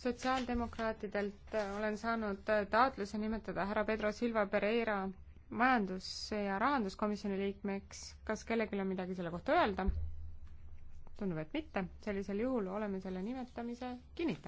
sotsiaaldemokraatidelt äh, olen saanud äh, taotluse nimetada härra Pedro Silva Pereira majandus- ja rahanduskomisjoni liikmeks. kas kellelgi on midagi selle kohta öelda? tundub, et mitte. sellisel juhul oleme selle nimetamise kinnitanud.